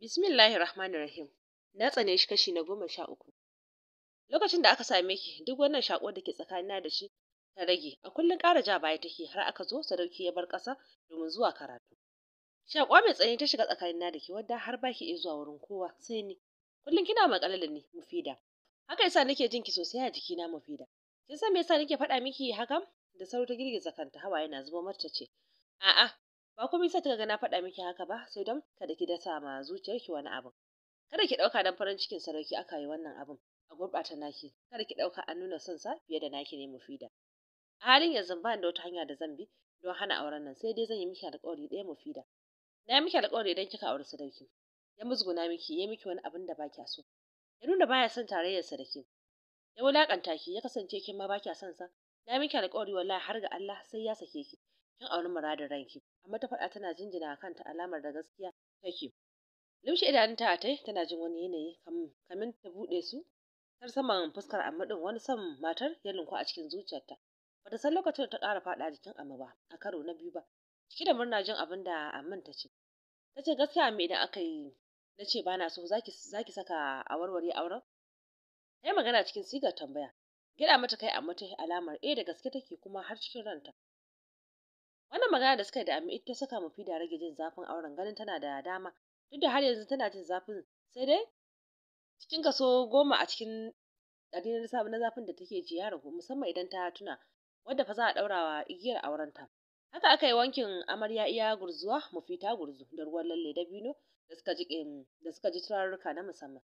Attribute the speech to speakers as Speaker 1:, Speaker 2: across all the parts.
Speaker 1: bismillahi Rahmanir Rahim. Na tsane shi kashi na goma sha uku. Lokacin da aka same ki, duk wannan shakuwar da ke tsakanina da shi ta rage. A kullum ƙara ja baya take har aka zo sadauki ya bar ƙasa domin zuwa karatu. Shakuwa mai tsanani ta shiga tsakanina da ke wadda har ba ki iya zuwa wurin kowa sai ni. Kullum kina maƙale da ni mufida. Haka yasa nake jin ki sosai a jikina mufida. Kin san me yasa nake faɗa miki hakan? Da sauri ta girgiza kanta hawaye na zuba mata ce. A'a, ba kuma yasa ta ga na faɗa miki haka ba sai don kada ki dasa ma zuciyarki wani abin kada ki ɗauka don farin cikin sarauki aka yi wannan abin a gurɓata naki kada ki ɗauka an nuna son sa fiye da naki ne mufida a halin yanzu ba da wata hanya da zan bi don hana auren nan sai dai zan yi miki alƙawari ɗaya mufida na yi miki alƙawari idan kika auri sadauki ya musguna miki ya miki wani abin da ba kya so ya nuna baya son tarayyar sadaki ya wulakanta ki ya kasance kin ma ba kya son sa na yi miki alƙawari wallahi har ga Allah sai ya sake ki kin auri muradin ranki amma ta faɗa tana jinjina kanta alamar da gaskiya take lumshe idanunta ta tana jin wani yanayi kamin ta buɗe su har saman fuskar amma wani san matar ya linku a cikin zuciyarta bata san lokacin da ta ƙara faɗa jikin amma ba a karo na biyu ba ciki da murna jin abin da amman ta ce ta ce gaskiya me idan aka yi na ce bana so zaki zaki saka a warware auren ta yi magana cikin sigar tambaya gida mata kai amma ta alamar eh da gaske take kuma har cikin ranta Wannan magana da suka yi da ita saka mu fida rage jin zafin auren ganin tana da dama duk da har yanzu tana jin zafin sai dai cikin kaso goma a cikin ɗari na zafin da take ji ya ragu musamman idan ta tuna wadda fa za a ɗaura wa igiyar aurenta. Haka aka yi wankin amarya iya gurzuwa mafita gurzu da ruwan lalle da bino da suka ji da suka ji turaruka na musamman.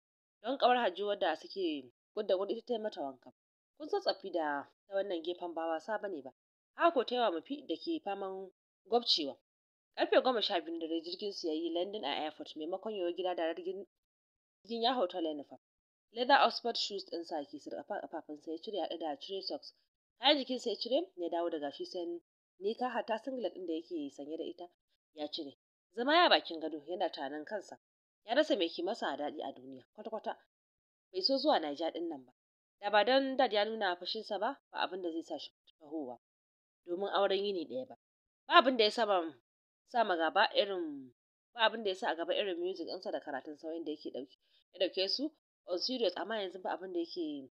Speaker 1: Don kawar hajji wadda suke gudda gudu ita ta yi mata wanka. Kun san tsaffi da ta wannan gefen ba wasa bane ba. aka ko ta mafi da ke faman gwabcewa. Karfe goma sha biyu dare jirgin su ya yi landin a airport maimakon yawo gida da jirgin ya hotel ya Leather Oxford shoes sa ke sarƙafa sa, ya cire haɗe da cire socks. Kayan jikinsa ya cire ya dawo daga shi sai ka hatta singlet ɗin da yake sanye da ita ya cire. Zama ya bakin gado yana tanan kansa. Ya rasa mai ke masa daɗi a duniya kwata-kwata. Bai so zuwa Naija ɗin nan ba. Da ba don dad ya nuna sa ba ba abin da zai sa shi fahowa. domin auren yini ɗaya ba ba abin da ya sa ma gaba irin ba abin da ya sa a gaba irin music ɗinsa da karatun sauyin da yake ɗauke ya ɗauke su on serious amma yanzu ba abin da yake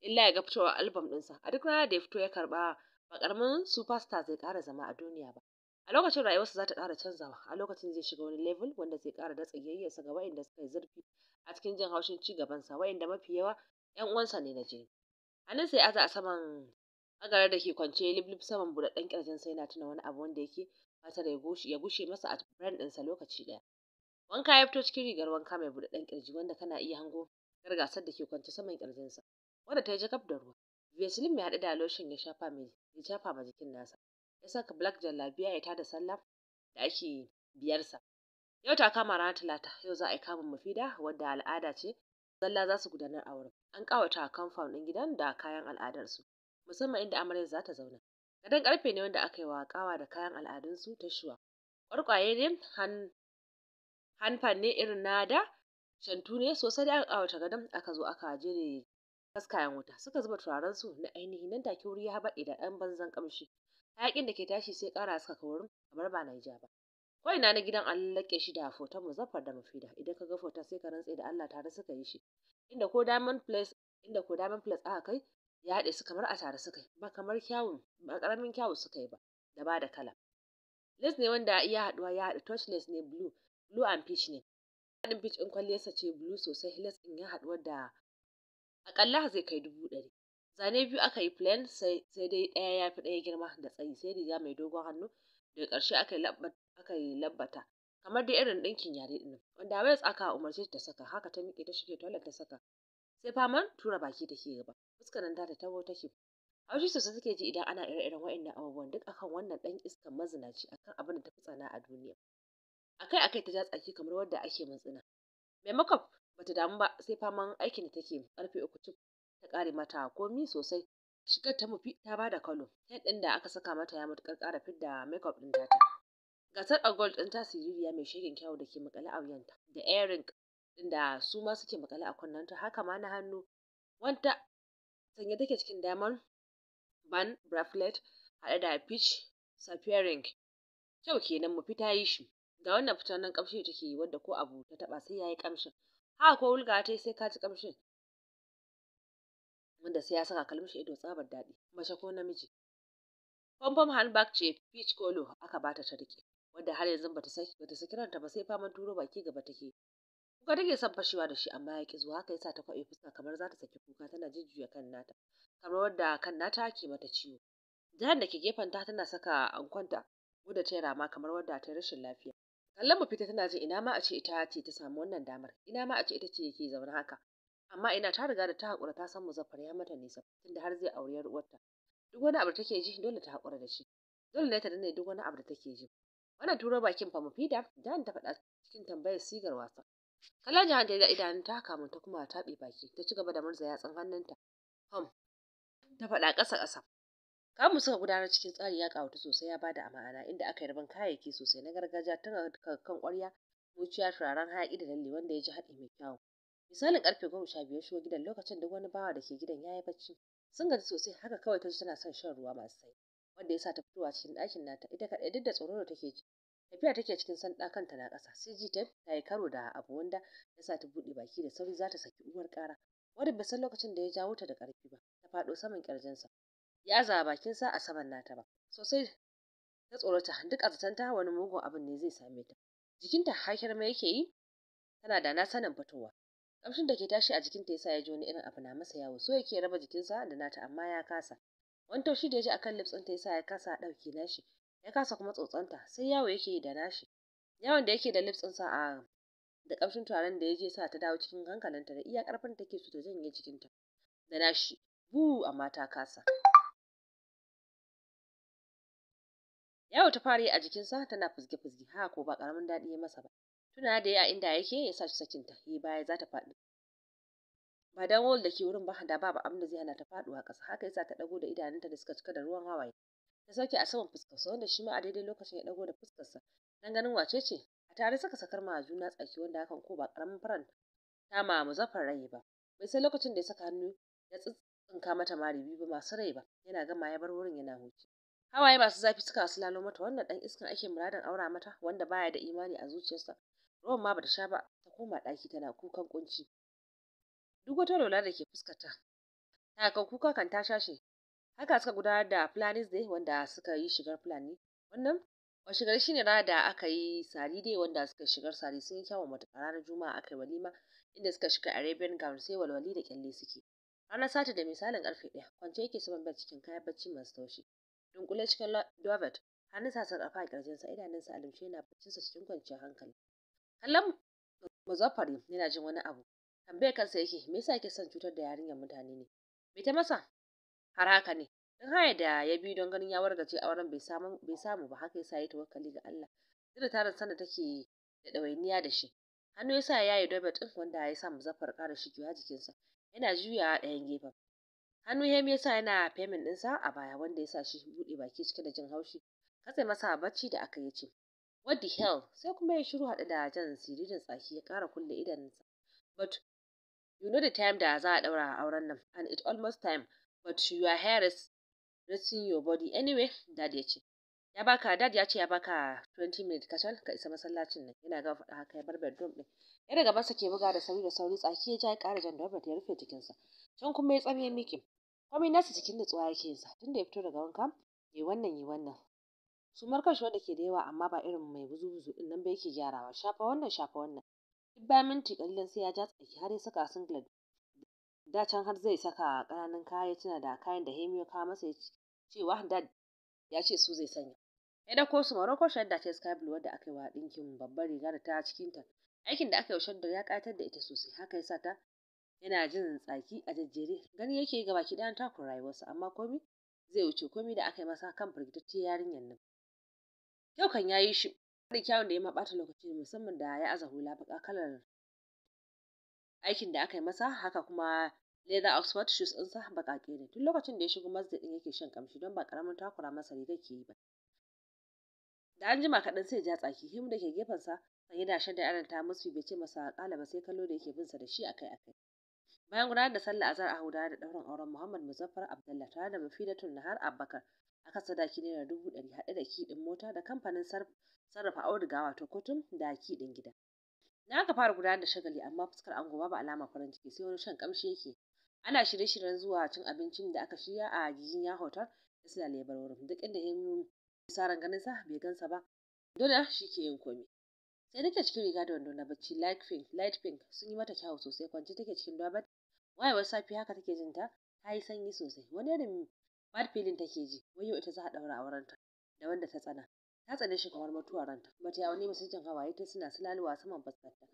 Speaker 1: illa ya ga fitowar album ɗinsa a duk rana da ya fito ya karɓa ba ƙaramin superstar zai ƙara zama a duniya ba a lokacin rayuwarsa za ta ƙara canzawa a lokacin zai shiga wani level wanda zai ƙara datsa yayyarsa ga waɗanda suka yi zurfi a cikin jin haushin ci gabansa waɗanda mafi yawa 'yan uwansa ne na jini a nan sai aza a saman agarar da ke kwance liblib saman buɗaɗɗen kirjin sai na tuna wani abu wanda yake da ya gushe masa a brand ɗinsa lokaci ɗaya wanka ya fito cikin rigar wanka mai buɗaɗɗen kirji wanda kana iya hango gargasar da ke kwance saman kirjinsa wanda ta yi jakab da ruwa vaseline mai haɗe da lotion ya shafa mai ya shafa ma jikin nasa ya saka black jallabiya ya tada sallah da ake biyarsa yau ta kama ranar talata yau za a yi kamun mafida wadda al'ada ce zalla za su gudanar a wurin an ƙawata a ɗin gidan da kayan al'adarsu musamman inda amaryar za ta zauna gadon karfe ne wanda aka yi wa kawa da kayan al'adunsu ta shuwa Ƙwarƙwaye ne hanfan ne irin na da shantu ne sosai da aka ƙawata gadon aka zo aka da kaskayen wuta suka zuba turaren su na ainihi nan take wuri ya baɗe da ɗan banzan kamshi hayaƙin da ke tashi sai ƙara suka wurin, kamar ba naija ba ko na gidan an laƙe shi da foton muzaffar da mafida idan ka ga foton sai ka rantse da Allah tare suka yi shi inda ko diamond place inda ko diamond place aka kai ya haɗe su kamar a tare suka yi ba kamar kyawun ba ƙaramin kyawun suka yi ba da ba da kala lace ne wanda iya haɗuwa ya haɗa torch ne blue blue and peach ne haɗin peach ɗin sa ce blue sosai lace ɗin ya haɗuwa da aƙalla zai kai dubu ɗari zane biyu aka yi plain sai dai ɗaya ya fi ɗaya girma da tsayi sai riga mai dogon hannu daga ƙarshe aka yi labbata kamar dai irin ɗinkin yare ɗin wanda wayas aka umarce ta saka haka ta miƙe ta shige toilet ta saka sai faman tura baki take gaba fuskanan ta ta tabo take haushi sosai suke ji idan ana ire-iren wa'annan abubuwan duk akan wannan dan iskan mazinaci akan abin da ta fi tsana a duniya akai-akai ta ja tsaki kamar wadda ake mai maimakon bata damu ba sai faman aikin da take karfe uku cif ta kare mata komi sosai shigar ta mufi ta bada kalo head din da aka saka mata ya matukar kara fidda makeup din ta. gasar a gold din ta siririya mai shirin kyau da ke makale a ta. da earring Inda da su ma suke makale a kunnenta haka ma na hannu wanda sanye take cikin diamond band bracelet haɗe da peach sapphire ring kyau kenan mu fita yi shi ga wannan fitar nan kamshi take yi wadda ko abu ta taba sai yayi kamshin haka ko wulga ta sai ka ji kamshin wanda sai ya saka kalmashi ido tsabar daɗi mace ko namiji Fomfom handbag ce peach kolo aka bata ta rike wadda har yanzu bata saki bata saki ranta ba sai faman turo baki gaba take kuka take son fashewa da shi amma ya ki zuwa haka yasa ta kwaɓe fuska kamar za ta saki kuka tana jujjuya kan nata kamar wadda kan nata ke mata ciwo jihar da ke gefen ta tana saka ankonta wadda ta yi rama kamar wadda ta rashin lafiya kallon mu fita tana jin ina ma a ce ita ce ta samu wannan damar ina ma a ce ita ce ke zaune haka amma ina ta riga da ta haƙura ta san muzaffar ya mata nisa tunda har zai auri yar uwarta duk wani abu da take ji dole ta haƙura da shi dole ne ta danne duk wani abu da take ji wannan turo bakin fa fida dan ta faɗa cikin tambayar sigar wasa kallon jihar da idanun ta haka ta kuma ta taɓe baki ta ci gaba da murza yatsun hannunta hom ta faɗa ƙasa ƙasa kamun suka gudanar cikin tsari ya ƙawatu sosai ya bada ma'ana inda aka yi rabin kayayyaki sosai na gargajiya tun kan ƙwarya wuciya turaren hayaƙi da lalle wanda ya ji haɗi mai kyawu misalin ƙarfe goma sha biyar shigo gidan lokacin duk wani bawa da ke gidan ya yi bacci sun gaji sosai haka kawai ta ji tana son shan ruwa masu sanyi wanda ya sa ta fitowa cikin ɗakin nata ita kaɗai duk da tsoro da take ji Tafiya take cikin sanda kanta na ƙasa sai ji ta yi karo da abu wanda ya sa ta buɗe baki da sauri za ta saki uwar ƙara. Wadda bai san lokacin da ya jawo ta da ƙarfi ba, ta faɗo saman ƙirjinsa. Ya bakin bakinsa a saman nata ba. Sosai ta tsorata duk azatanta wani mugun abin ne zai same ta. Jikinta hakir mai yake yi tana da na sanin fitowa. Kamshin da ke tashi a jikinta yasa ya ji wani irin abu na masa yawo so yake raba jikinsa da nata amma ya kasa. Wani taushi da ya ji akan lips ya yasa ya kasa ɗauke nashi ya kasa kuma tsotsanta sai yawo yake da nashi yawon da yake da lips ɗinsa a ah, da ƙarfin turaren da ya je sa ta dawo cikin hankalinta da iya ƙarfin da take so ta janye jikinta da nashi bu amma ta kasa yawo ta fara yi a sa tana fizge-fizge haka ko ba ƙaramin daɗi ya masa ba tuna da ya inda yake ya sa shi ta, yi baya za ta faɗi ba dan wol da ke wurin ba da babu abin da zai hana ta faɗuwa ƙasa haka yasa ta ɗago da idanunta da suka cika da ruwan hawaye ta sauke a saman fuskarsa wanda shi ma a daidai lokacin ya dago da fuskarsa dan ganin wace ce a tare suka sakar ma juna tsaki wanda hakan ko ba karamin faran ta ma muzaffar rai ba bai sai lokacin da ya saka hannu ya tsinka mata mari biyu ba masu rai ba yana gama ya bar wurin yana huci hawaye masu zafi suka sulalo mata wannan dan iskan ake muradin aura mata wanda baya da imani a zuciyarsa ruwan ma bata sha ba ta koma ɗaki tana kukan kunci duk wata lola da ke fuskarta ta kuka kan ta shashe haka suka gudanar da Fulanis Day wanda suka yi shigar Fulani wannan washigar shine rana da aka yi sari dai wanda suka shigar sari sun yi kyawun matuƙa ranar juma'a aka yi walima inda suka shiga arabian gown sai walwali da kyalle suke ranar sata da misalin karfe daya, kwance yake saman bar cikin kayan bacci masu taushi dunkule cikin dovet hannun sa kafa a ƙirjinsa idanunsa a lumshe yana sa cikin kwanciyar hankali kallon muzaffar yana jin wani abu tambayar kansa yake me yasa yake son cutar da yarinyar mutane ne me ta masa har haka ne don haya da ya bi don ganin ya wargaje a bai samu bai samu ba haka yasa ya tawakkali ga Allah duk tarin da take da ɗawainiya da shi hannu yasa ya yi dobe ɗin wanda ya sa muzaffar ƙara jikin jikinsa yana juyawa ɗayan gefen hannu hem yasa yana femin ɗinsa a baya wanda yasa shi buɗe baki cike da jin haushi katse masa bacci da aka yi ce what the hell sai kuma ya shiru haɗe da jan siririn tsaki ya ƙara kulle idan but you know the time da za a ɗaura a auren nan and it almost time but you are here resting your body anyway dad ya ce ya baka dad ya ce ya baka 20 minutes kacal ka isa masallacin nan yana ga faɗa haka ya bar bedroom din ya daga ba sake buga da sauri da sauri tsaki ya ja ya ƙara jan ta ya rufe sa can kuma ya tsame miki komai nasa cikin nutsuwa yake sa tunda ya fito daga wanka yi wannan yi wannan su markar shi wanda ke da yawa amma ba irin mai buzu buzu din nan ba yake gyarawa shafa wannan shafa wannan duk bayan minti kalilan sai ya ja tsaki har ya saka singlet da can har zai saka ƙananan kaya ya tuna da kayan da Hemi ya kawo masa cewa dad ya ce su zai sanya ya ko su Morocco shadda ce sky blue wadda aka yi wa ɗinkin babbar riga da ta cikin ta aikin da aka yi wa da ya ƙayatar da ita sosai haka yasa ta yana jin tsaki a jajjere gani yake gaba baki ɗayan takun rayuwarsa amma komi zai wuce komi da aka yi masa kan firgitacciyar yarinyar nan kyau kan ya yi shi da kyawun da ya ma ɓata lokaci musamman da ya aza hula baka kalar aikin da aka yi masa haka kuma leather oxford shoes ɗinsa baƙaƙe ne tun lokacin da ya shigo masjid ɗin yake shan kamshi don ba ƙaramin takura masa riga ke yi ba da an jima kaɗan sai ja tsaki himu da ke gefensa sai da shan da irin ta musu bai ce masa ƙala ba sai kallo da yake bin sa da shi akai akai bayan gudanar da sallah azhar a huda da ɗaurin auren muhammad muzaffar abdullah tare da mafidatun nahar abbakar aka sadaki naira dubu ɗari haɗe da kiɗin mota da kamfanin sarrafa auduga wato kotun da kiɗin gida Na ka fara gudanar da shagali amma fuskar ango ba alama farin ciki sai wani shan kamshi yake. Ana shirye-shiryen zuwa cin abincin da aka shirya a ya hotar da suna lebar wurin. Duk inda Hemi saran ganin sa bai gansa ba. Dole shi ke yin komai. Sai nake cikin riga da wando na bacci light pink light pink sun yi mata kyau sosai kwance take cikin dabat wayewar safiya haka take jin ta ta yi sanyi sosai wani irin bad feeling take ji wai yau ita za a daura aurenta da wanda ta tsana ta tsane shi kamar mutuwa ranta kuma ta yawo nemi sakin hawaye ta suna sulalewa saman fuskarta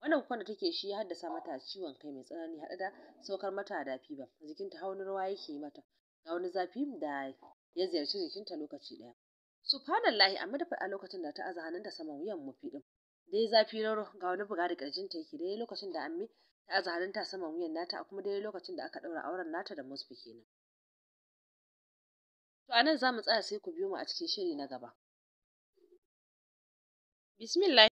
Speaker 1: wannan kwan da take shi ya haddasa mata ciwon kai mai tsanani haɗe da saukar mata da fiba jikinta hawan ruwa yake yi mata ga wani zafi da ya ziyarci jikinta lokaci daya. subhanallahi amma da a lokacin da ta aza hannunta saman wuyan mufi din dai zafi roro ga wani buga da ƙirjinta yake dai lokacin da ammi ta aza hannunta saman wuyan nata kuma dai lokacin da aka ɗaura auren nata da musfi kenan To a nan za mu tsaya sai ku biyo mu a cikin shiri na gaba. بسم الله